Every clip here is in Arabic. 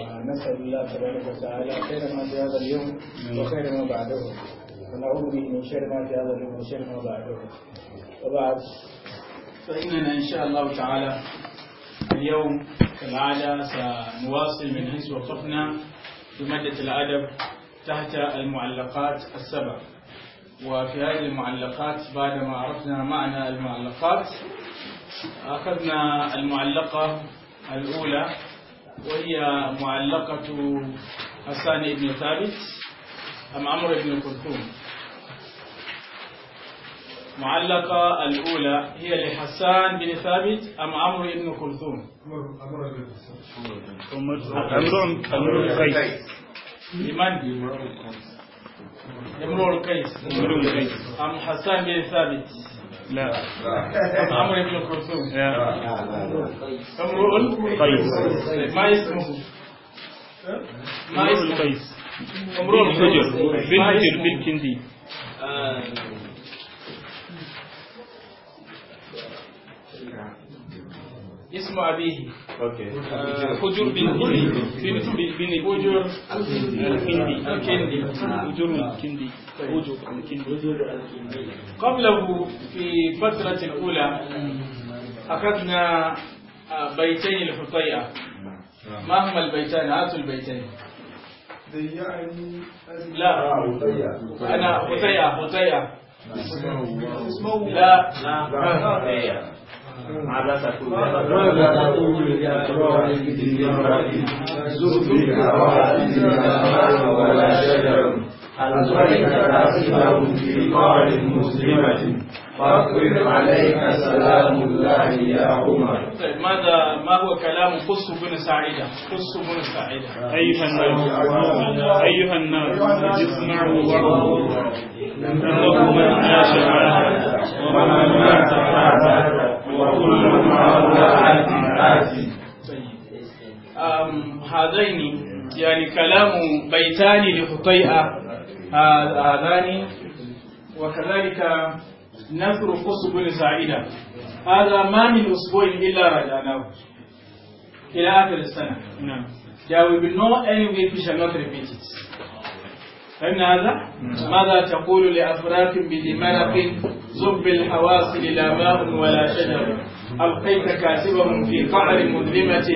ونسأل الله تبارك وتعالى خير ما في هذا اليوم وخير ما بعده ونعوذ به من شر ما في هذا اليوم وشر ما بعده وبعد فإننا إن شاء الله تعالى اليوم كالعادة سنواصل من حيث وقفنا بمادة الأدب تحت المعلقات السبع وفي هذه المعلقات بعدما عرفنا معنى المعلقات أخذنا المعلقة الأولى وهي معلقة حسان بن ثابت أم عمرو بن كلثوم معلقة الأولى هي لحسان بن ثابت أم عمرو بن كلثوم عمرو بن كلثوم عمرو بن قيس لمن؟ امرؤ القيس أم حسان بن ثابت لا عمرو بن الخرطوم لا امرؤ القيس ما اسمه ما اسمه القيس امرؤ الحجر بن بالكندي اسم آه. أبيه فجور بالكندي بالكندي الكندي فجور الكندي فجور الكندي قبله في فترة الأولى أخذنا بيتين الحطيئة ما هما البيتان هاتوا البيتين لا أنا حطيئة حطيئة لا لا عبس ماذا تقول لأسرار امرأة زهد كراهتها ولا شجر ألقيت راسه في قار مسلمة فاقبل عليك سلام الله يا عمر طيب ماذا ما هو كلام قص بن سعيدة قص بن سعيدة أيها الناس أيها الناس اسمعوا وارضوا إنه من عاش على ومن مات على وكل هؤلاء آتي هذين يعني كلام بيتان لخطيئة آه، هذان وكذلك نثر قص بن سعيدة هذا ما من أسبوع إلا رجعناه إلى آخر السنة. There will be no any way we shall not repeat it. فهمنا هذا؟ ماذا تقول لأفراك بدمرق زب الحواصل لا ماء ولا شجر ألقيت كاتبهم في قعر مظلمة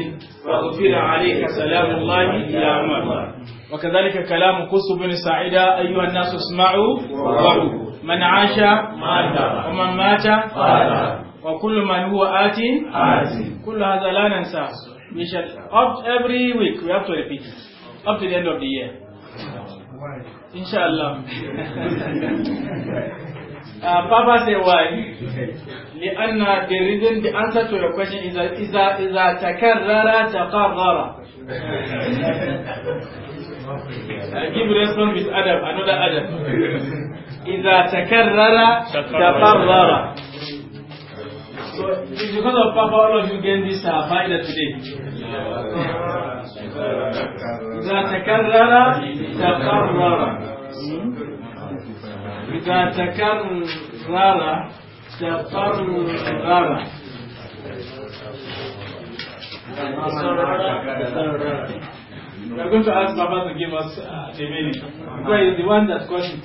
فأغفر عليك سلام الله إلى مرة وكذلك كلام قص بن سعيدة أيها الناس اسمعوا وارعوا من عاش مات ومن مات فات وكل من هو آت آت كل هذا لا ننساه we shall up every week we have to repeat it up to the end of the year Why? Inshallah. uh, Papa say why? Lianna, the reason, the answer to your question is that إذا إذا تكرر تقرر. I give response with Adam, another Adam. إذا تكرر تقرر. So it's because of Papa all of you gain this uh, today. إذا تكرر تقرر إذا تكرر تقرر We are going to ask Baba to give us uh, the meaning. Because the one that got it.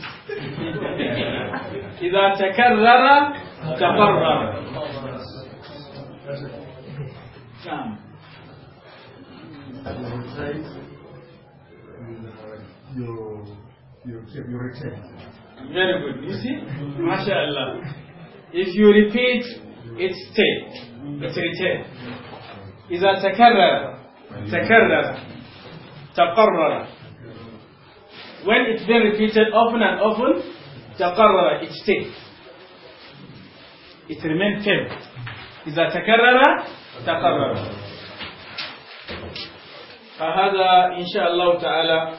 Rara, تكرر Rara. Come your your your return. Very good. You see, mashallah. If you repeat, it's stay. It's return. إذا تكرر تكرر تقرر When it's been repeated often and often, تقرر it stays. It remains firm. إذا تكرر تقرر فهذا إن شاء الله تعالى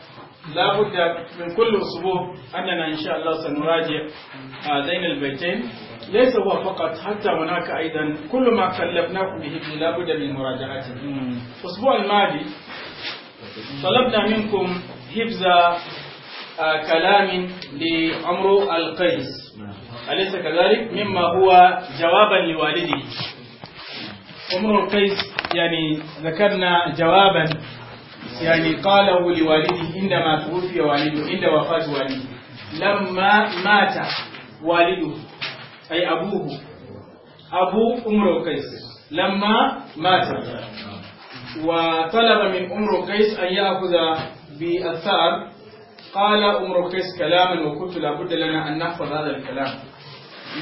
لا بد من كل أسبوع أننا إن شاء الله سنراجع هذين آه، البيتين ليس هو فقط حتى هناك أيضا كل ما كلفناكم به لا بد من مراجعته الأسبوع الماضي طلبنا منكم حفظ آه، كلام لعمر القيس أليس كذلك مما هو جوابا لوالده عمر القيس يعني ذكرنا جوابا يعني قاله لوالده عندما توفي والده عند وفاة والده لما مات والده أي أبوه أبو أمر قيس لما مات وطلب من أمر قيس أن يأخذ بالثار قال أمر قيس كلاما وقلت لابد لنا أن نحفظ هذا الكلام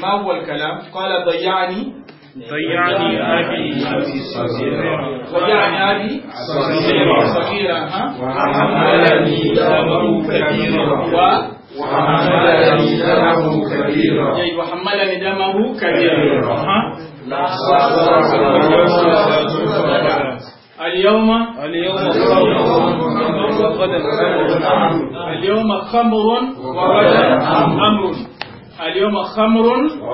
ما هو الكلام قال ضيعني ضيعني أبي صغيرا وجعل أبي صغيرا صغيرا وحملني دمه كبيرا وحملني دمه كبيرا أي وحملني دمه كبيرا اليوم اليوم خمر وغدا اليوم خمر وغدا أمر اليوم خمر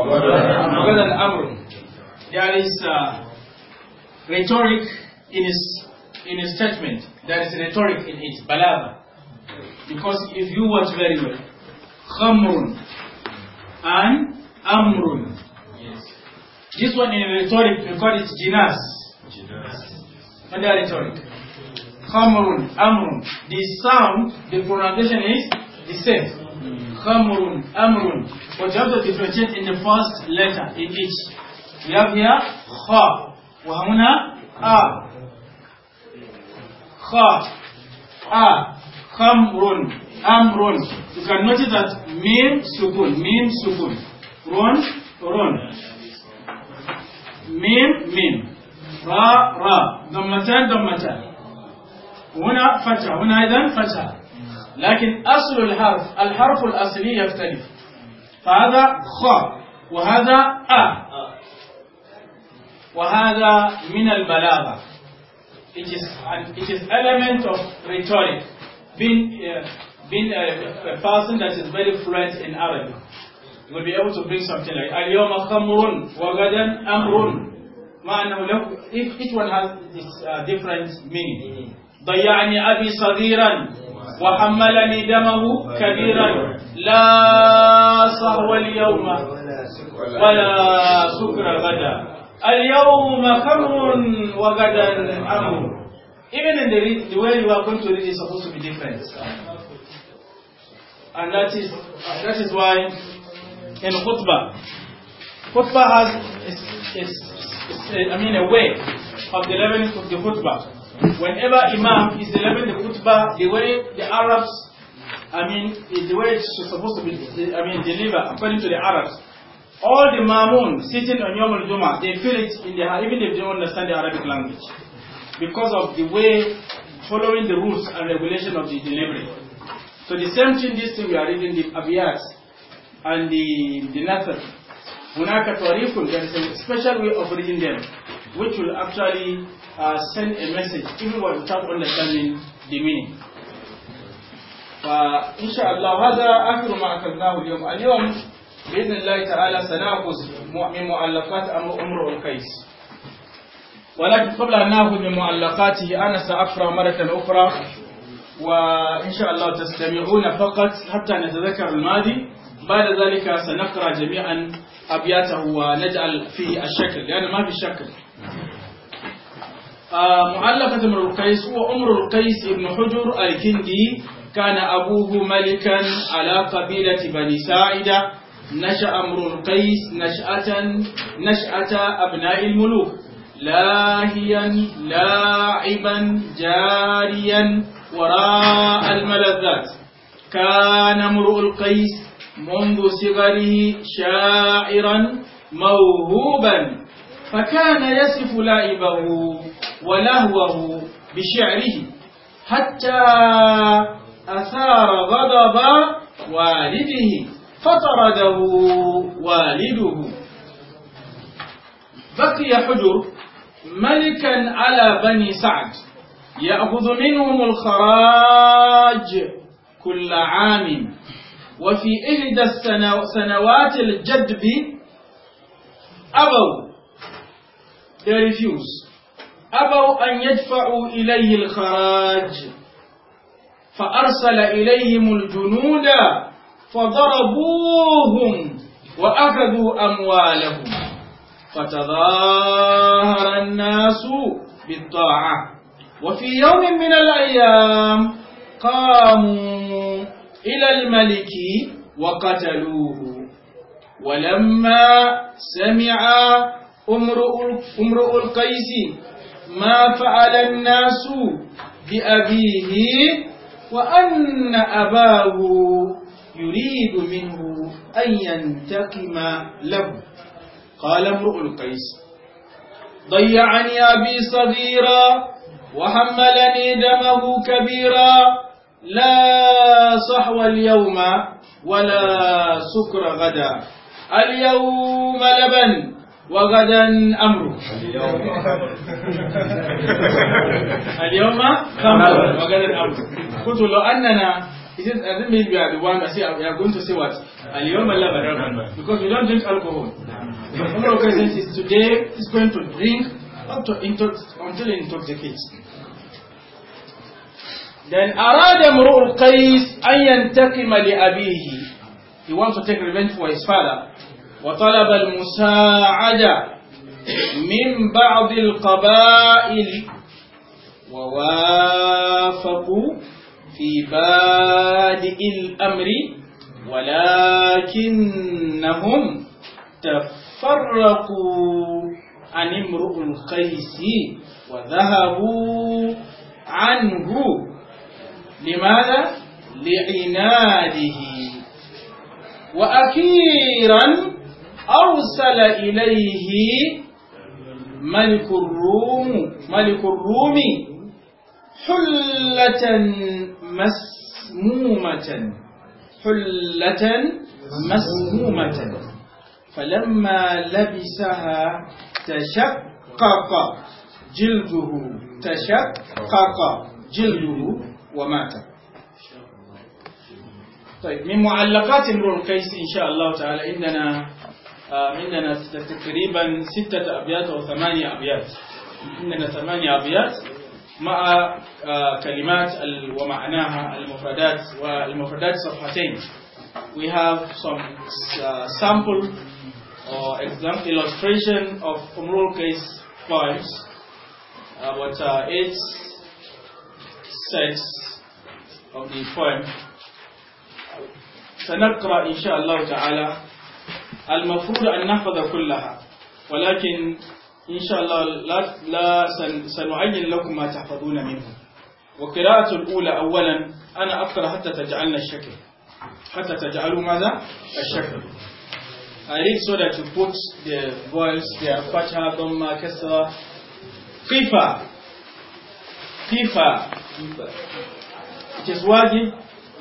وغدا أمر there is uh, rhetoric in his, in his statement. There is rhetoric in it, balagha. Because if you watch very well, khamrun and amrun. Yes. This one in rhetoric, we call it jinas. Jinas. Under rhetoric. Khamrun, amrun. The sound, the pronunciation is the same. Mm. Khamrun, amrun. But you have to differentiate in the first letter in each. يا هي خا وهنا آ خا آ خمر أمر You can notice that ميم سكون ميم سكون رون رون ميم ميم را, را, ضمتان, ضمتان. هنا فتح هنا أيضا فتح لكن أصل الحرف الحرف الأصلي يختلف فهذا خ وهذا أ وهذا من البلاغة it is an, it is element of rhetoric being uh, being a, a person that is very fluent in Arabic you will be able to bring something like اليوم خمر وغدا أمر مع أنه لو if each one has this uh, different meaning ضيعني أبي صغيرا وحملني دمه كبيرا لا صهو اليوم ولا سكر غدا اليوم خمر وغدا أمر Even in the, the way you are going to read is supposed to be different. And that is, that is why in khutbah, khutbah has, is, is, is, I mean, a way of delivering the khutbah. Whenever Imam is delivering the khutbah, the way the Arabs, I mean, the way it's supposed to be, I mean, delivered according to the Arabs, all the mamun sitting on Yom al-Jum'ah, they feel it in their heart, even if they don't understand the Arabic language. Because of the way, following the rules and regulation of the delivery. So the same thing, this thing we are reading, the abiyat and the, the nathar. Hunaka tariqun, there is a special way of reading them, which will actually uh, send a message, even without understanding the meaning. فإن uh, شاء هذا آخر ما أخذناه اليوم اليوم باذن الله تعالى سناخذ من مؤلفات امر القيس ولكن قبل ان ناخذ من مؤلفاته انا ساقرا مره اخرى وان شاء الله تستمعون فقط حتى نتذكر الماضي بعد ذلك سنقرا جميعا ابياته ونجعل فيه الشكل لان ما في شكل آه، مؤلفة امر القيس هو امر القيس بن حجر الكندي كان أبوه ملكا على قبيلة بني ساعدة نشأ امر القيس نشأة نشأة أبناء الملوك لاهيا لاعبا جاريا وراء الملذات كان امرؤ القيس منذ صغره شاعرا موهوبا فكان يصف لعبه ولهوه بشعره حتى أثار غضب والده فطرده والده بقي حجر ملكا على بني سعد يأخذ منهم الخراج كل عام وفي إحدى السنوات الجدب أبوا they refuse أبوا أن يدفعوا إليه الخراج فأرسل إليهم الجنود فضربوهم وأخذوا أموالهم فتظاهر الناس بالطاعة وفي يوم من الأيام قاموا إلى الملك وقتلوه ولما سمع امرؤ القيس ما فعل الناس بأبيه وأن أباه يريد منه أن ينتقم له قال امرؤ القيس ضيعني أبي صغيرا وحملني دمه كبيرا لا صحو اليوم ولا سكر غدا اليوم لبن وغدا أمر اليوم خمر وغدا أمر قلت لو أننا He says, I do not mean we are the one that say, we are going to say what? Because we don't drink alcohol. The Honorable President is today he's going to drink up to intox until it intoxicates. Then أراد امرؤ قيس أن ينتقم لأبيه. He wants to take revenge for his father. وطلب المساعدة من بعض القبائل ووافقوا في بادئ الأمر ولكنهم تفرقوا عن امرؤ القيس وذهبوا عنه لماذا؟ لعناده وأخيرا أرسل إليه ملك الروم ملك الروم حلة مسمومة حلة مسمومة فلما لبسها تشقق جلده تشقق جلده ومات طيب من معلقات امرؤ القيس ان شاء الله تعالى عندنا آه، عندنا تقريبا ستة أبيات أو ثمانية أبيات عندنا ثمانية أبيات مع آه، كلمات ومعناها المفردات والمفردات صفحتين we have some uh, sample or example illustration of plural case poems uh, about uh, eight sets of the poem سنقرأ إن شاء الله تعالى المفروض أن نحفظ كلها ولكن إن شاء الله لا, سنعين لكم ما تحفظون منه وقراءة الأولى أولا أنا أقرأ حتى تجعلنا الشكل حتى تجعلوا ماذا؟ الشكل I read so that you put the voice, their fatha, dhamma, kasra. Kifa. Kifa. It is worthy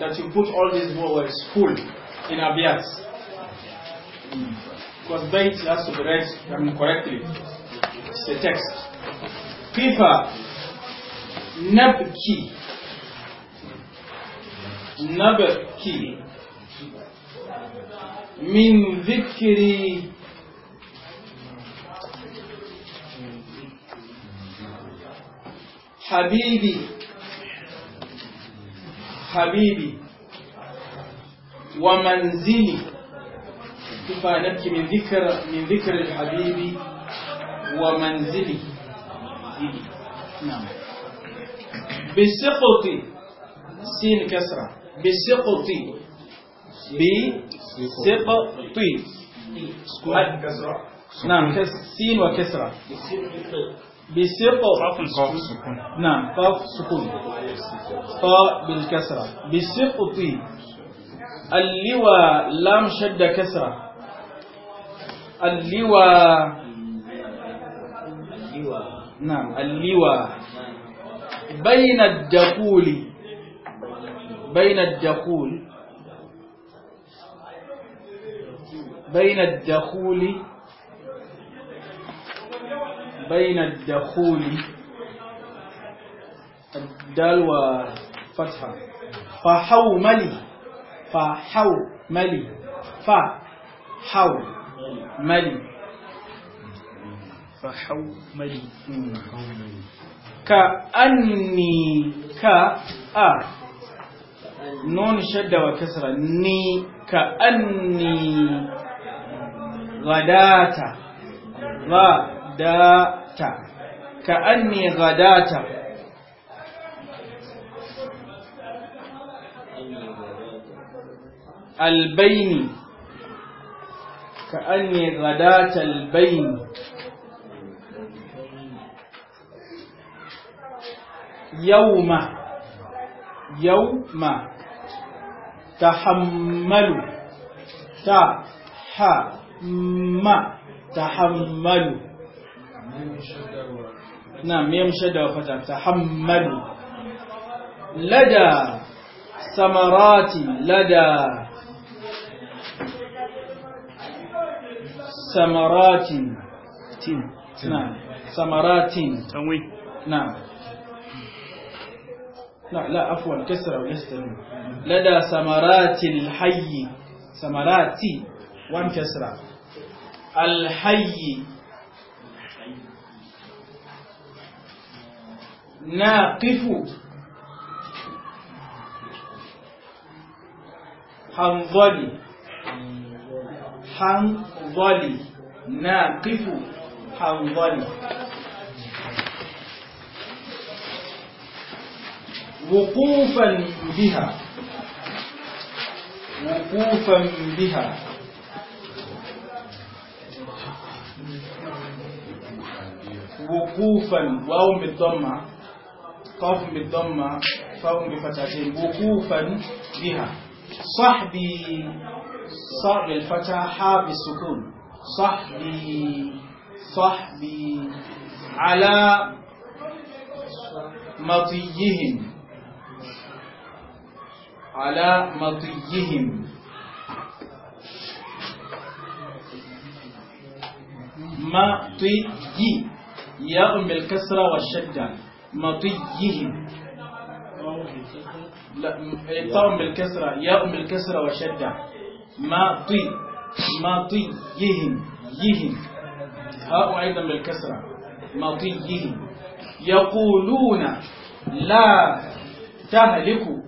that you put all these vowels full in abiyat. Because bait has to be read correctly. the text. كيف نبكي نبكي من ذكر حبيبي حبيبي ومنزلي كيف نبكي من ذكر من ذكر الحبيبي ومنزله نعم بسقط سين كسرة بسقط بسقط نعم سين وكسرة بسقط نعم قاف سكون قاء بالكسرة بسقط اللواء لام شد كسرة اللواء نعم اللواء نعم. بين الدخول بين الدخول بين الدخول بين الدخول الدال وفتحة ملي فحو ملي فحوملي كأني كا آ نون شدة وكسرة ني كأني غدات غدات كأني غدات البين كأني غدات البين يوم يوم تحمل تحم تحمل نعم ميم شدة وفتح تحمل لدى ثمرات لدى ثمرات نعم ثمرات نعم لا لا عفوا كسر وليس تنوين لدى ثمرات الحي ثمرات وان كسرة الحي ناقف حنظلي حنظلي ناقف حنظلي وقوفا بها وقوفا بها وقوفا واو بالضمة قاف بالضمة فاو بفتحتين وقوفا بها صحبي الفتح حاب بالسكون صحبي صحبي على مطيهم على مطيهم مطي ياء بالكسرة والشدة مطيهم لا طاء بالكسرة ياء بالكسرة والشدة مطي مطيهم يهم هاء أيضا بالكسرة مطيهم يقولون لا تهلكوا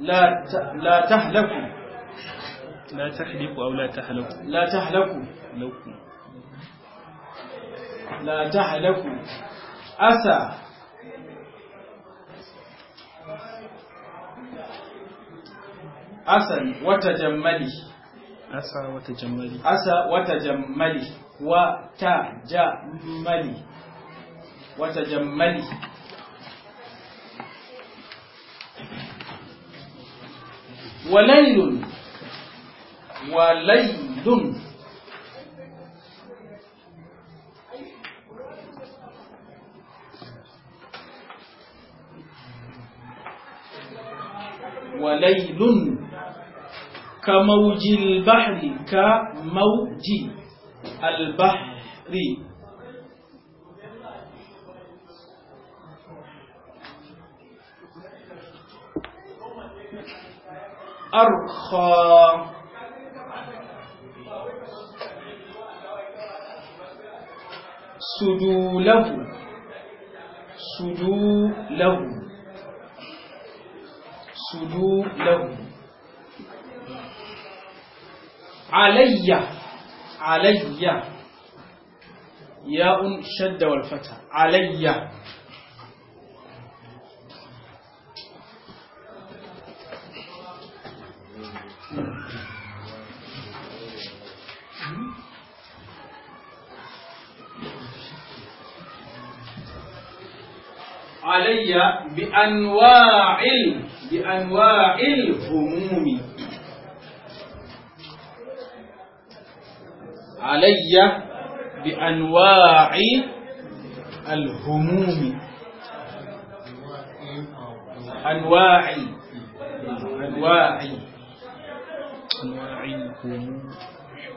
لا لا تهلكوا لا تحلقوا أو لا تهلكوا لا تهلكوا لا تهلكوا أسى أسى وتجملي أسى وتجملي أسى وتجملي وتجملي وتجملي وليل وليل وليل كموج البحر كموج البحر أرخى سدوله سدوله سدوله علي علي ياء شد والفتح علي علي بأنواع بأنواع الهموم علي بأنواع الهموم أنواع أنواع أنواع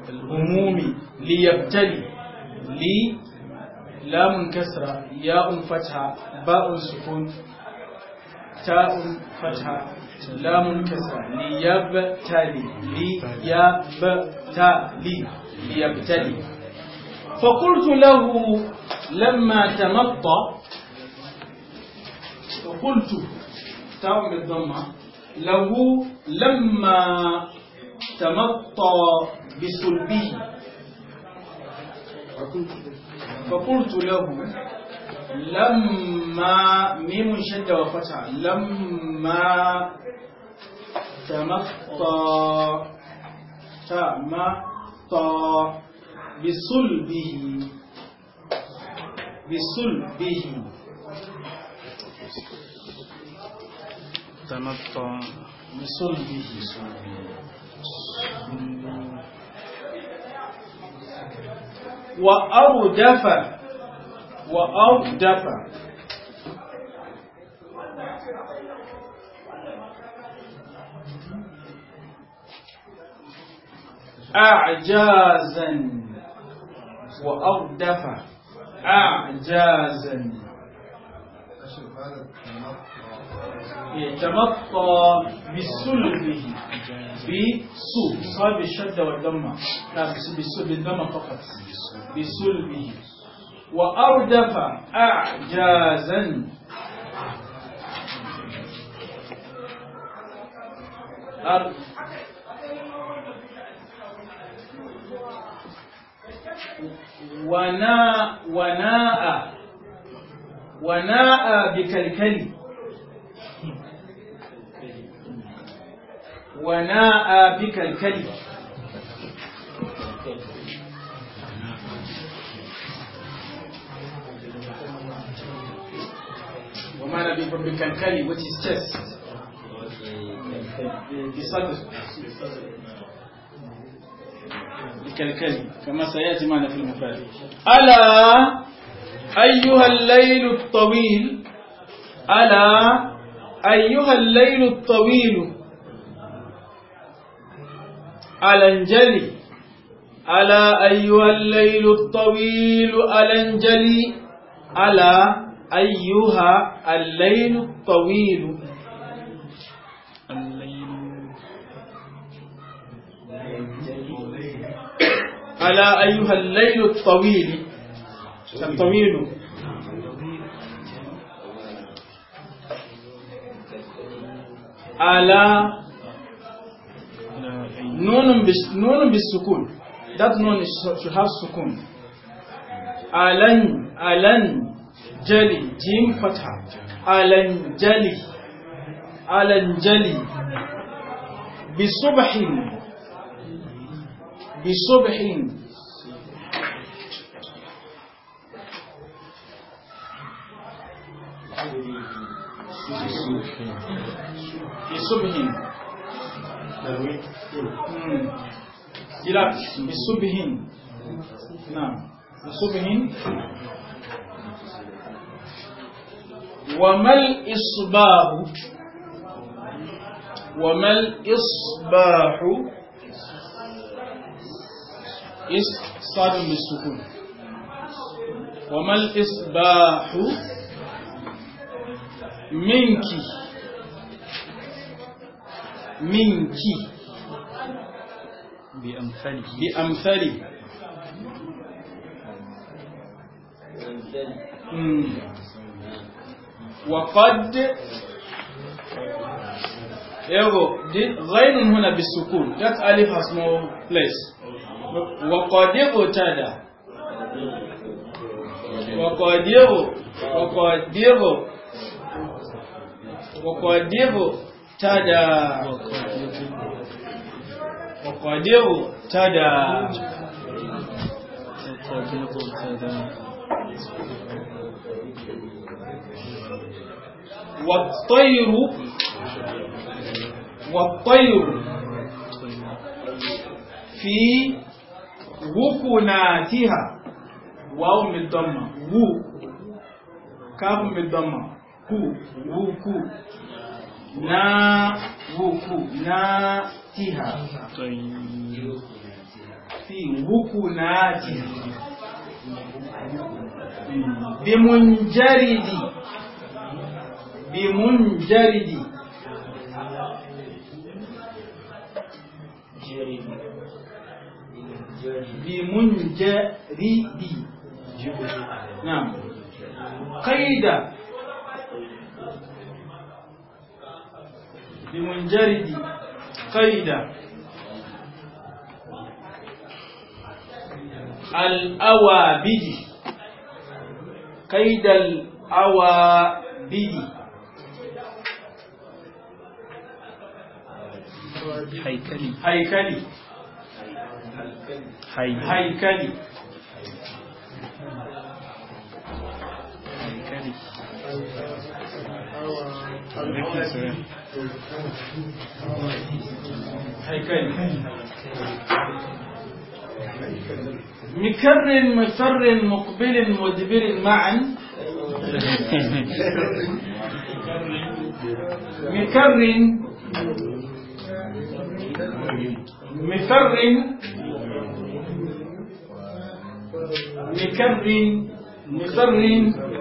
الهموم ليبتلي لي لام كسرة ياء فتحة باء سكون تاء فتحة لام كسرة ليبتلي ليبتلي ليبتلي فقلت له لما تمطى فقلت تاء بالضمة له لما تمطى بسلبه فقلت له لما ميم شد وفتح لما تمطى تمطى بصلبه بصلبه تمطى بصلبه وأردف وأردف أعجازا وأردف أعجازا يتمطى بسلبه بسوء صار بالشدة والدمة لا بسوء بالدمة فقط بسلبه وأردف أعجازا وناء وناء وناء بكلكلي وناء بك الكلب وما نبي بك الكلب which is chest بصدر بك كما سيأتي معنا في المفاجاه ألا أيها الليل الطويل ألا أيها الليل الطويل انجلي ألا أيها الليل الطويل انجلي ألا أيها الليل الطويل الليل ألا أيها الليل الطويل الطويل ألا نون بس نون بالسكون that نون should have سكون ألن ألن جلي جيم فتح ألن جلي ألن جلي بصبحين بصبحين بصبحين إلى نعم وما الإصباح وما الإصباح إس بالسكون وما الإصباح منك منك بأمثالي بأمثالي وقد إيوه، غين هنا بالسكون ذات ألف اسمه بليس وقد اغتدى وقد اغتدى وقد اغتدى اهتدى وقد اهتدى والطير والطير في وكناتها واو بالضمه وو كاف بالضمه كو وو وكناتها في وكناتها بمنجرد بمنجرد بمنجرد نعم قيد بمنجرد قيد الأوابد قيد الأوابد هيكلي هيكلي هيكلي هيكلي مكر مصر مقبل مدبر معا مكر مفر مكر مصر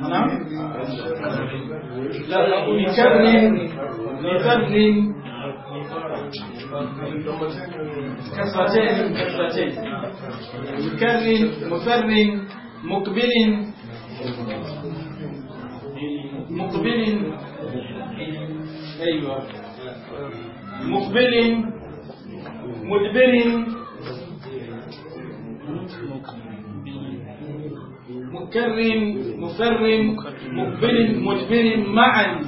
نعم لا لكرر لكرر كسرتين كسرتين مكرر مفر مقبل مقبل ايوه مقبل مدبر مكرم مفرم مقبل مدبر معا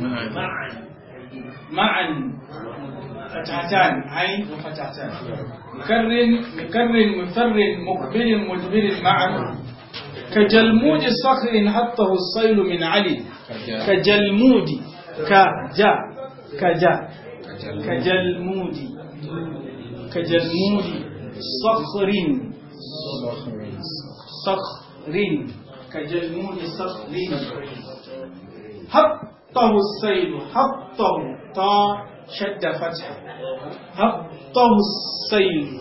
معا معا فتحتان عين وفتحتان مكرر مكرر مفرر مقبل مدبر معا كجلمود صخر حطه الصيل من علي كجلمود كجا كجا كجلمود كجلمود صخر صخر رين كجلمود رين حطه السيل حطه طا شد فتحه حطه السيل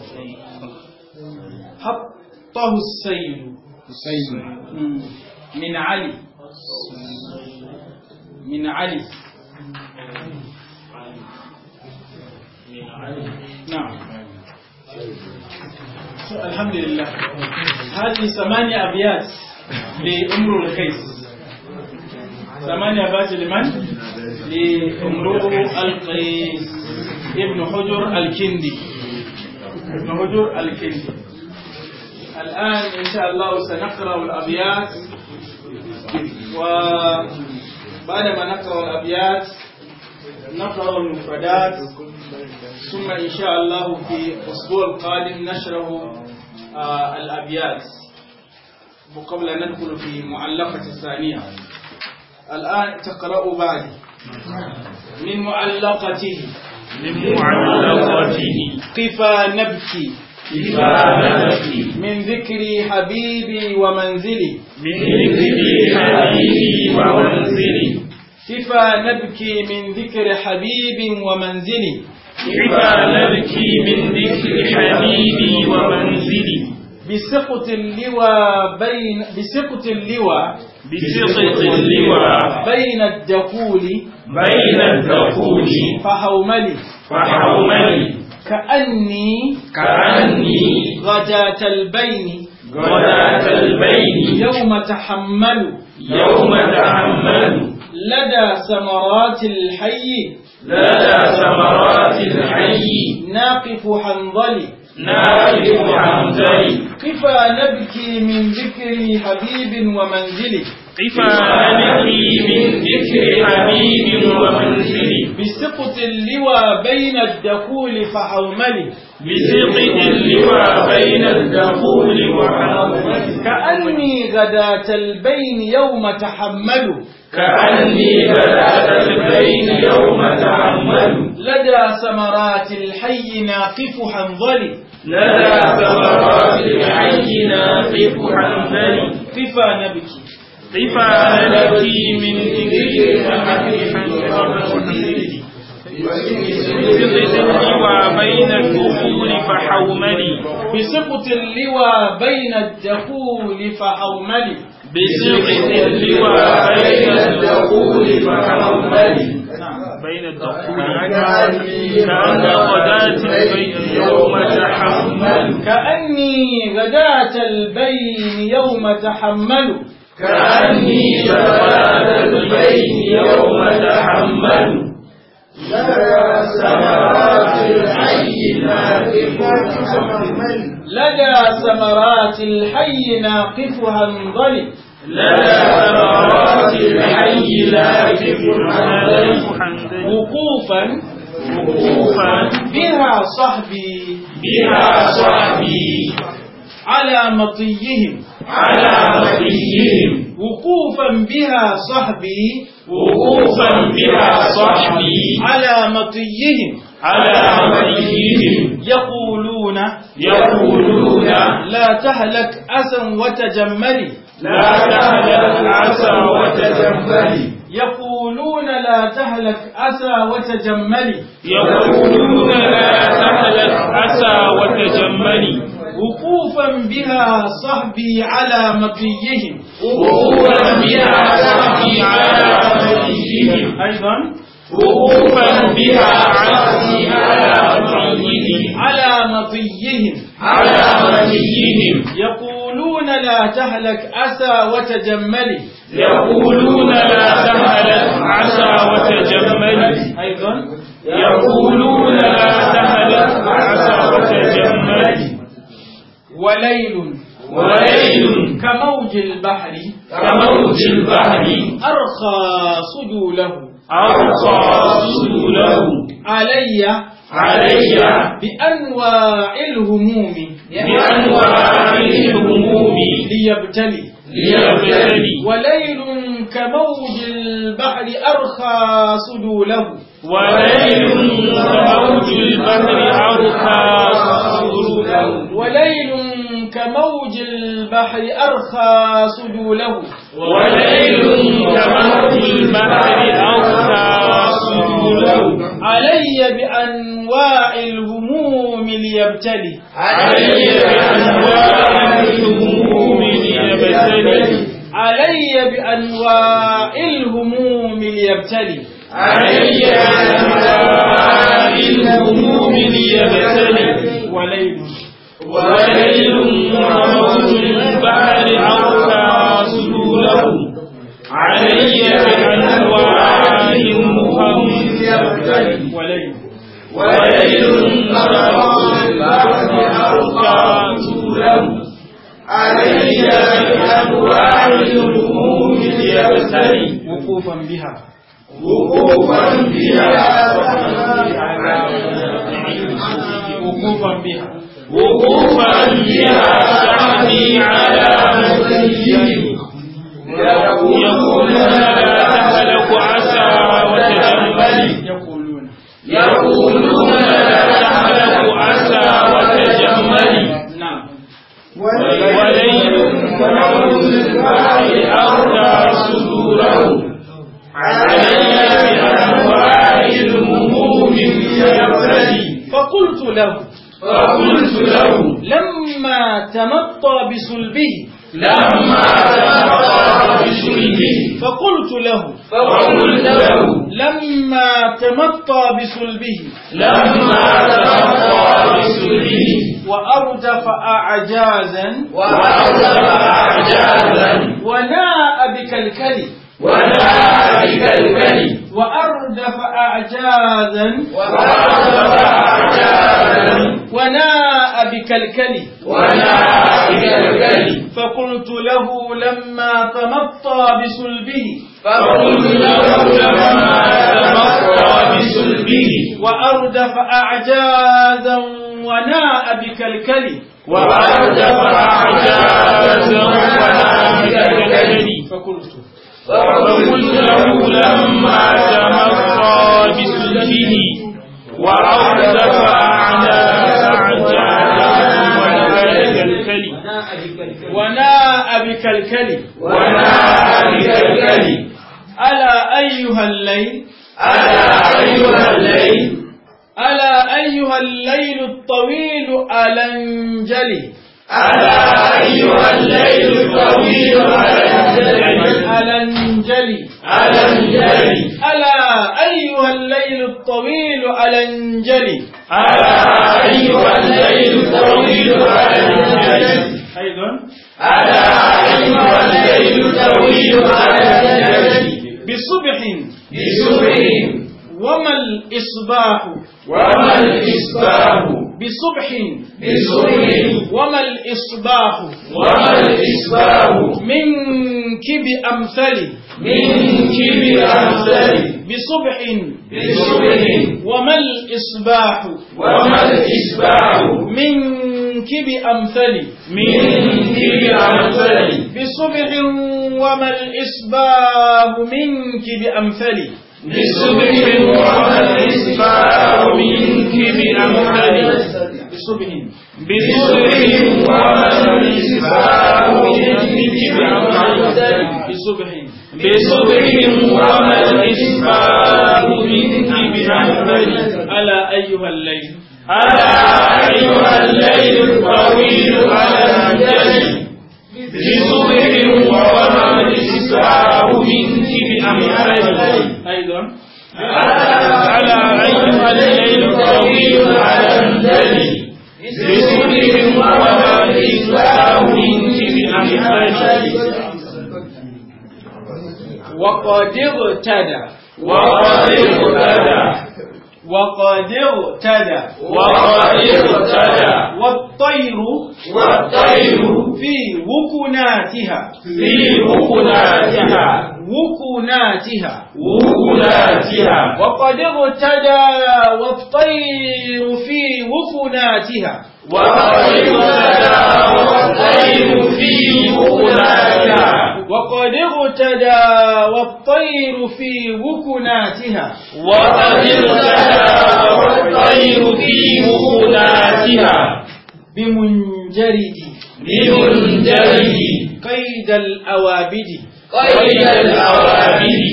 حطه السيل السيل من علي من علي من علي نعم الحمد لله هذه ثمانية أبيات لأمر القيس ثمانية أبيات لمن؟ لأمرو القيس ابن حجر الكندي ابن حجر الكندي الآن إن شاء الله سنقرأ الأبيات وبعدما ما نقرأ الأبيات نقرأ المفردات ثم إن شاء الله في الأسبوع القادم نشره آه، الأبيات وقبل أن ندخل في معلقة الثانية الآن تقرأ بعدي من معلقته من معلقته قفا نبكي من ذكر حبيبي ومنزلي من ذكر حبيبي ومنزلي كفى نبكي من ذكر حبيب ومنزلي كفى نبكي من ذكر حبيبي ومنزلي بسقط اللوى بين بسقط اللوى بسقط اللوى بين الدخول بين الدخول فحوملي فحوملي كأني كأني غداة البين غداة البين يوم تحمل يوم تحمل لدى ثمرات الحي لدى ثمرات الحي ناقف حنظلي ناقف حنظلي قفا نبكي من ذكر حبيب ومنزلي قفا نبكي من ذكر حبيب ومنزلي بسقط اللوى بين الدخول فحوملي بسقط اللوى بين الدخول وحوملي كأني غداة البين يوم تحملوا كأني بدأت البين يوم تعمل لدى ثمرات الحي ناقف حنظل لدى ثمرات الحي ناقف حنظل قفا نبكي قفا نبكي من ذكر حنظلي بسقط اللوى بين الدخول فحوملي بسقط اللوى بين الدخول فحوملي بسقط اللواء بين الدخول فكرمني بين الدخول كأن غداة البين يوم تحمل كأني غداة البين يوم تحمل كأني غداة البين يوم تحمل لدى ثمرات الحي ناقفها لدى ثمرات الحي ناقفها لدى ثمرات الحي ناقفها انضلي وقوفا وقوفا بها صحبي بها صحبي على مطيهم على مطيهم وقوفا بها صحبي وقوفا بها صحبي على مطيهم على مطيهم يقولون يقولون لا تهلك أسا وتجملي لا تهلك أسا وتجملي يقولون لا تهلك أسى وتجملي يقولون لا تهلك أسى وتجملي وقوفا بها صحبي على مطيهم وقوفا بها صحبي على مطيهم أيضا وقوفا بها صحبي على مطيهم على مطيهم على مطيهم يقولون لا تهلك أسى وتجملي يقولون لا تهلك أسى وتجملي أيضا يقولون وليل وليل كموج البحر كموج البحر أرخى سجوله أرخى سجوله علي علي بأنواع الهموم بأنواع الهموم ليبتلي ليبتلي وليل كموج البحر أرخى سجوله وليل كموج البحر أرخى سجوله وليل كموج البحر أرخى سجوله وليل كموج البحر أرخى سجوله علي بأنواع الهموم ليبتلي علي بأنواع الهموم ليبتلي علي بأنواع الهموم ليبتلي علي بأنواع الهموم ليبتلي وأردف أعجازا وأردف أعجازا وناء بكلكلي وناء بكلكلي الكلي وأردف أعجازا وأردف أعجازا وناء بكلكلي وناء بكلكلي فقلت له لما تمطى بسلبه فقلت له لما تمطى بسلبه وأردف أعجازا وناء بكلكلي وأردف أعجازا وناء بكلكلي فقلت فقلت له لما تمطى بسلبه وأردف أعجازا بك الكلي وما بك الكلي ألا أيها الليل ألا أيها الليل ألا أيها الليل الطويل ألنجلي ألا أيها الليل الطويل ألنجلي ألنجلي ألا أيها الليل الطويل ألنجلي ألا أيها الليل الطويل ألنجلي زيد على أيها الليل طويل على بصبح بصبح وما الإصباح وما الإصباح بصبح بصبح وما الإصباح وما الإصباح منك بأمثل منك بأمثل بصبح بصبح وما الإصباح وما الإصباح منك من كب أمثلي من كب أمثلي بصبغ وما الإسباب منك بأمثلي بصبغ وما الإسباب منك بأمثلي بصبغ بصبغ وما الإسباب منك بأمثلي بصبغ بصبغ وما الإسباب منك بأمثلي ألا أيها الليل ألا أيها الليل الطويل على المنتج بصبح وغمر تسعه منك بأمثال أيضا ألا أيها الليل الطويل على المنتج بصبح وغمر تسعه منك بأمثال وقد اغتدى وقد اغتدى وقد اغتدى وقد اغتدى والطير والطير في وكناتها في وكناتها وكناتها وكناتها وقد اغتدى والطير في وكناتها وقد اغتدى والطير في وكناتها وقد اغتدى والطير في وكناتها وقد اغتدى الخير في مؤناتها بمنجرد بمنجرد قيد الأوابد قيد الأوابد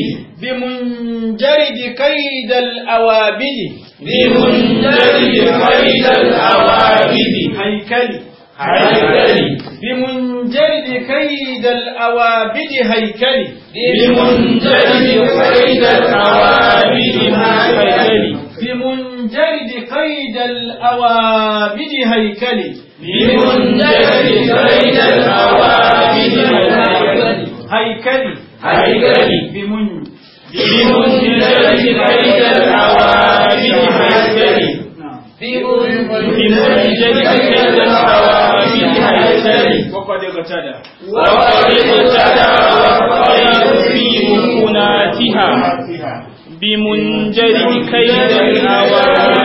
بمنجرد قيد الأوابد بمنجرد قيد الأوابد هيكلي هيكل بمنجرد قيد الأوابد هيكلي بمنجرد قيد الأوابد هيكلي بمنجرد قيد الأوابد هيكلي بمنجرد قيد الأوابد هيكلي هيكلي بمنجرد قيد الأوابد هيكلي بمنجرد قيد الأوابد هيكلي وقد اغتدى وقد اغتدى والطير في مكناتها بمنجر كيد الأوامر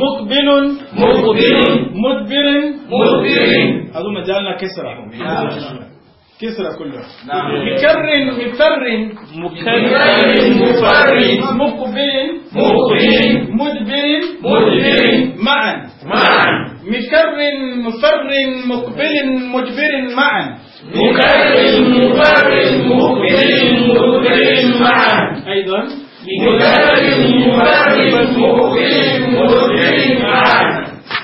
مكر مكر مفر مقبل مقبل مدبر مدبر هذا ما جعلنا كسرة كسرة كلها مكر مفر مكر مفر مقبل مقبل مدبر مدبر معا معا مكر مفر مقبل مجبر معا مكر مفر مقبل مجبر معا أيضا مكر مفر مقبل مجبر معا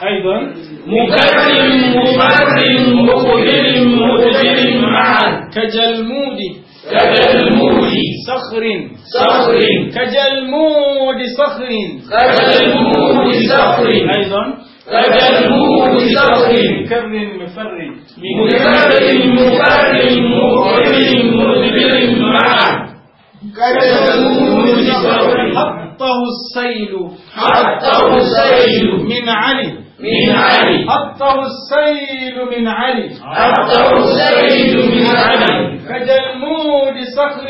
أيضا مكر مفر مقبل مجبر معا كجل من علي حطه السيل من علي كجلمود صخر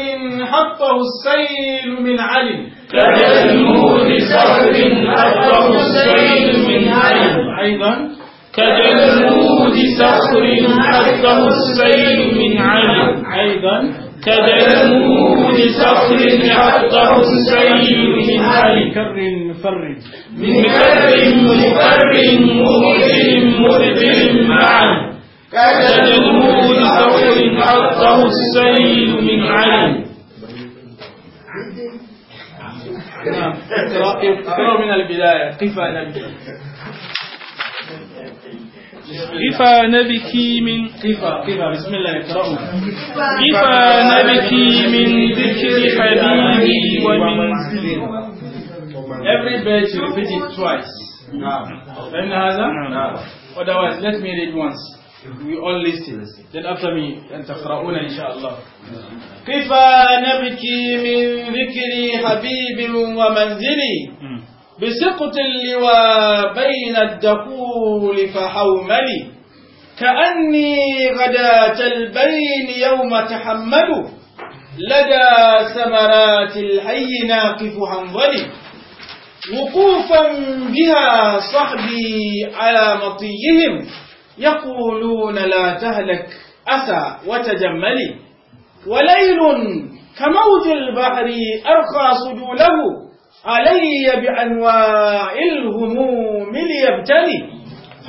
حطه السيل من علي كجلمود صخر حطه السيل من علي أيضا كجلمود صخر حطه السيل من علي أيضا كذبوه بسخر حقه السيء من هلك من مفر مفر مبدل مبدل معا كذبوه بسخر حقه السيء من عين اقرأ من البداية قف أنا بك كفى نبكي من كفى كفى بسم الله اقرأوا كفى نبكي من ذكر حبيبي ومن Every bird you repeat it twice. فإن نعم. هذا؟ نعم. Otherwise, let me read once. We all listen. Then after me, أن تقرؤون إن شاء الله. كفى نعم. نبكي من ذكر حبيب ومنزلي. بسقط اللواء بين الدخول فحوملي كأني غداة البين يوم تحمل لدى ثمرات الحي ناقف حنظلي وقوفا بها صحبي على مطيهم يقولون لا تهلك أسى وتجملي وليل كموج البحر أرخى سجوله علي بأنواع الهموم ليبتلي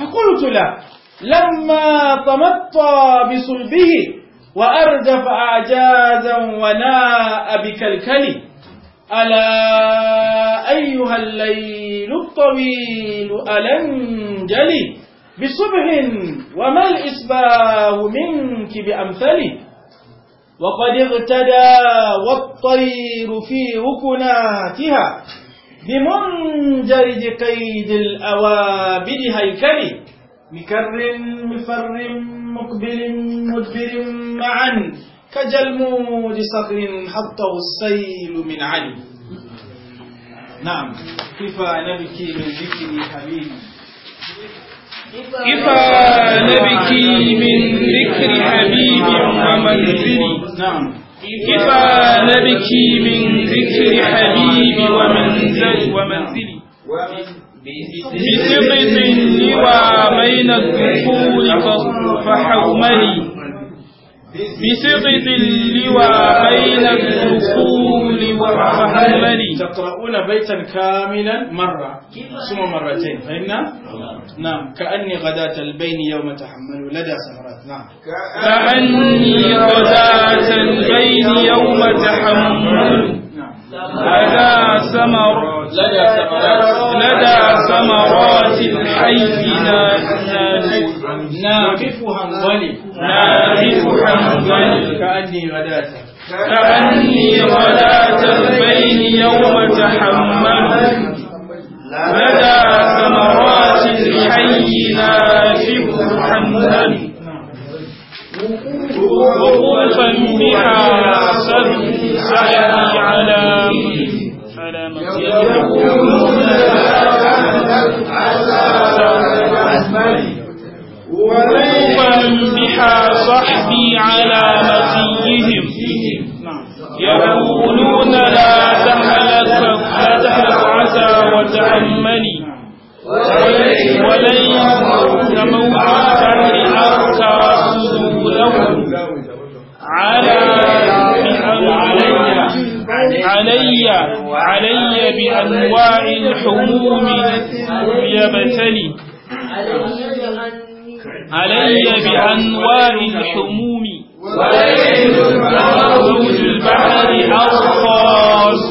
فقلت له لما تمطى بصلبه وأردف أعجازا وناء بكلكلي ألا أيها الليل الطويل ألنجلي بصبح وما الإسباه منك بأمثلي وقد اغتدى والطير في ركناتها بمنجرد قيد الأوابد هيكلي مكر مفر مقبل مدبر معا كجلمود صقر حطه السيل من علي نعم كيف نبكي من ذكر حبيبي كفى لبك من ذكر حبيب ومنزلي نعم. كفى لبك من ذكر حبيب ومنزل ومنزلي بسقط مني وبين الدخول فحوملي بسقط اللواء بين الرسول والرحمن تقرؤون بيتا كاملا مرة ثم مرتين فهمنا؟ نعم كأني غداة البين يوم تحمل لدى سمرات نعم كأني غداة البين يوم تحمل لدى سمر لدى سمرات الحي نادي ناقف نعم. هنظلي ناقف هنظلي كأني غداة كأني غداة البين يوم تحمل لدى ثمرات الحي ناقف حمل وقوفا نعم. بها سد سعيا بها صحبي على مسيهم يقولون لا تهلك لا تهلك عسى وتأمني ولن تموت أرك رسولهم على علي علي بأنواع الحموم يبتلي علي بأنواع الحموم وليل البحر أرخاص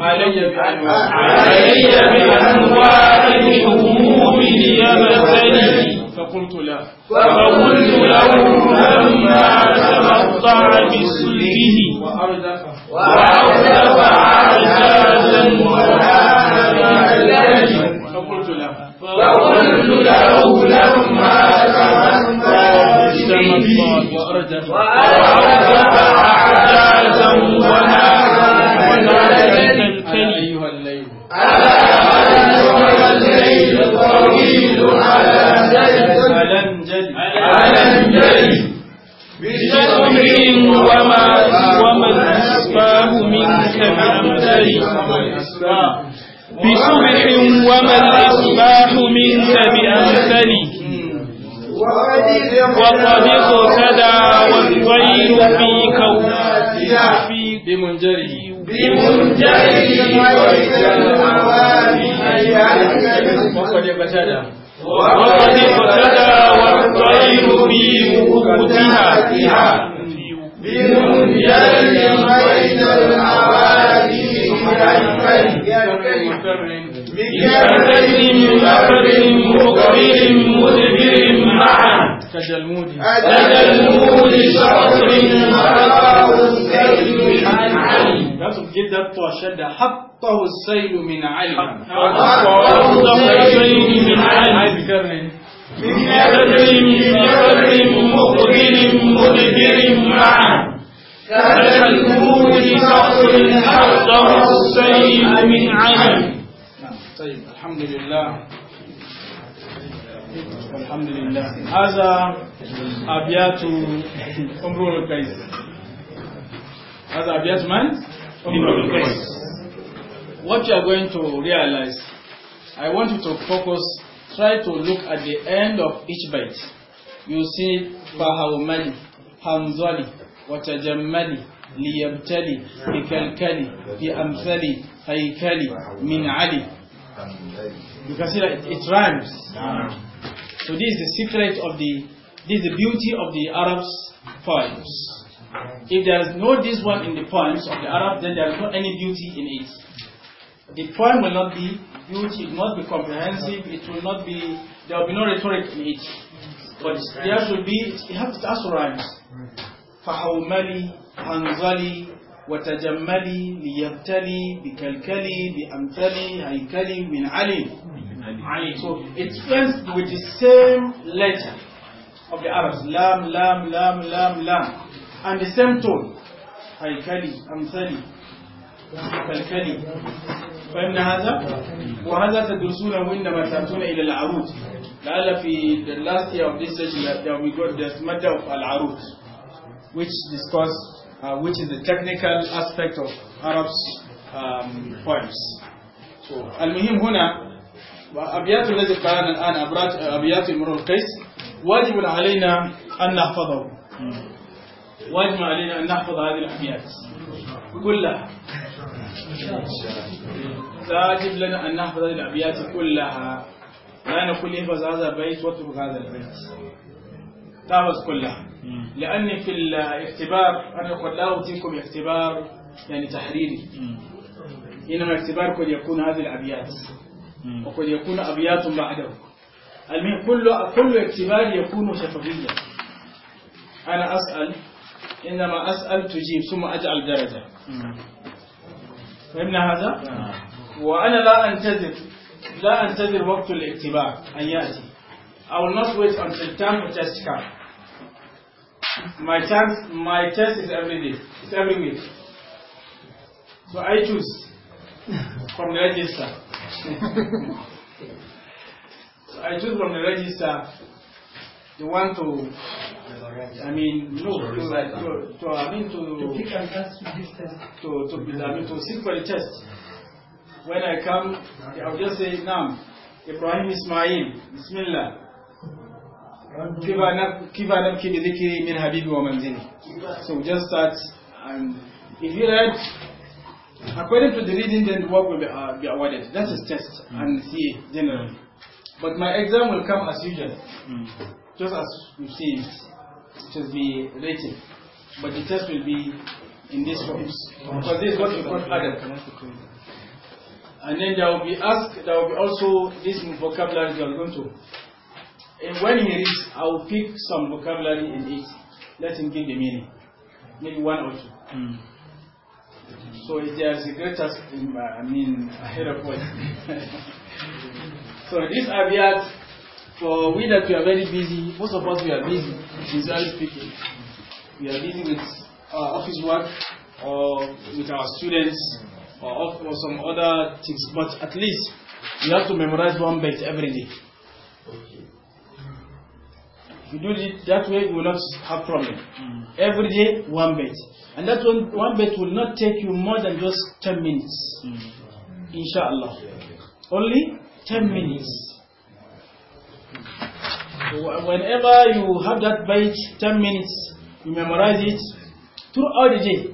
علي بأنواع علي بأنواع الحموم ليمسني فقلت له فقلت له لما تمطع بسلكه وأردفه الجيش والسماوات وقد ابتدى وقد ابتدى والطير في مكبتها بمنجل بين الأوادي بكلمة أمر مقبل مدبر معا كجلمود كجلمود شرط مراه السيد عن جدا وشد حطه السيل من علم حطه السيل من علم من من يقدم مقبل مدبر معا كان الجمود فقر حطه السيل من علم طيب الحمد لله الحمد لله هذا أبيات أمرو القيس هذا أبيات من؟ in the place. What you are going to realize, I want you to focus, try to look at the end of each bite. You see, فهومني Hamzali, وتجملي ليبتلي بكلكلي بأمثلي هيكلي من علي You can see that it rhymes. So this is the secret of the, this is the beauty of the Arabs' poems. If there is no this one in the poems of the Arab, then there is not any beauty in it. The poem will not be beauty, it will not be comprehensive, it will not be, there will be no rhetoric in it. But there should be, it has, to has rhymes. فَحَوْمَلِي أَنْزَلِي وتجملي ليبتلي بكلكلي بأمثلي هيكلي من علي So it ends with the same letter of the Arabs. Lam, lam, lam, lam, lam. and the same tone هيكلي أمثلي فالكلي فهمنا هذا وهذا تدرسونه إنما تأتون إلى العروض لعل في the last year of this session that we got the matter of al-arut which discuss uh, which is the technical aspect of Arab's um, poems so المهم هنا أبيات الذي قرانا الآن أبيات امرؤ القيس واجب علينا أن نحفظه واجمع علينا أن نحفظ هذه الأبيات كلها تجب لنا أن نحفظ هذه الأبيات كلها لا نقول احفظ هذا البيت واترك هذا البيت تحفظ كلها لأني في الاختبار أنا قد لا أوتيكم اختبار يعني تحريري إنما اختبار قد يكون هذه الأبيات وقد يكون أبيات بعده المهم كل كل اختبار يكون شفويا أنا أسأل إنما أسأل تجيب ثم أجعل درجة فهمنا هذا؟ وأنا لا أنتظر لا أنتظر وقت الاتباع أن يأتي I will not wait until time of test come My chance, my test is every day, it's every week. So I choose from the register. so I choose from the register you want to, I mean, look, to, to, to, I mean, to, to pick and test To, to, I mean, to sit for the test. When I come, I'll just say, Nam, Ibrahim Ismail, Bismillah. Kiva nab kibi dhikri min habibi wa manzili. So just start, and if you read, according to the reading, then the work will be, uh, be awarded. That is test mm. and see generally. But my exam will come as usual. Mm just as we see it, it be relative. But the test will be in these forms. Because this is what you got added. And then there will be asked, there will be also this vocabulary you are going to. And when he reads, I will pick some vocabulary in it. Let him give the meaning. Maybe one or two. Mm. So it is the greatest, I mean, ahead of us. so this abiyat for we that we are very busy, most of us we are busy, sincerely speaking. We are busy with our office work or with our students or, or some other things, but at least you have to memorize one bit every day. If you do it that way, you will not have problem. Every day, one bit, And that one, one bit will not take you more than just 10 minutes. Mm. Inshallah. Only 10 minutes. Whenever you have that bait, 10 minutes, you memorize it throughout the day.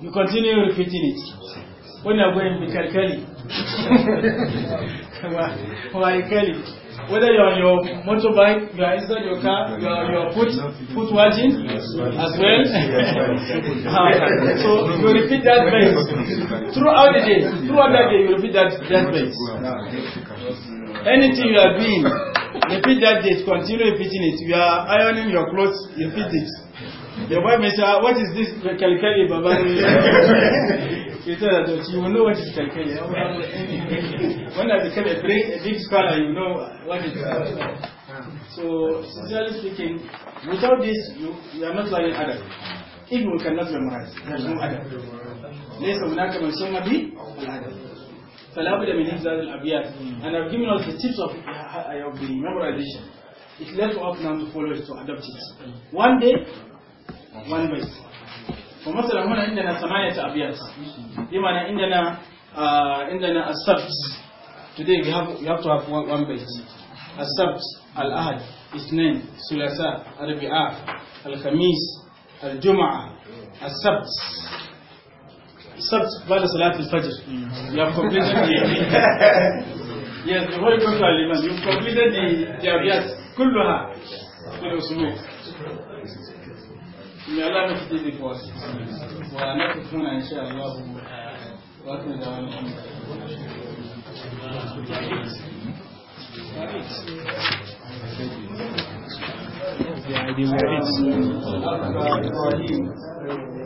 You continue repeating it. When you are going to Kalkali, whether you are on your motorbike, you are inside your car, you are, you are foot, foot watching as well. so you repeat that verse throughout the day. Throughout that day, you repeat that, that verse. Anything you are doing, you Repeat that date, continue repeating it. You are ironing your clothes, You repeat it. Your boy, may say, ah, What is this Kalikali Baba? you tell her that you will know what is Kalikali. when I become a big, a big scholar, you know what it is. So, sincerely speaking, without this, you, you are not learning Adam. Even we cannot memorize, there is no Adam. ليس هناك من سمى به العدد فلا من حفظ هذه الأبيات and I've given us the tips of, uh, uh, of the memorization it's left up now to follow it to adopt it one day one verse فمثلا هنا عندنا ثمانية أبيات بمعنى عندنا uh, عندنا السبت today we have we have to have one, one verse السبت الأحد اثنين ثلاثاء أربعاء الخميس الجمعة السبت السبت بعد صلاة الفجر you have completed the yes before you go to Al-Iman you've completed the the abiyat كلها في الأسبوع May Allah make it easy for us ونقف هنا إن شاء الله وأكمل دعوانا الحمد لله يا إبراهيم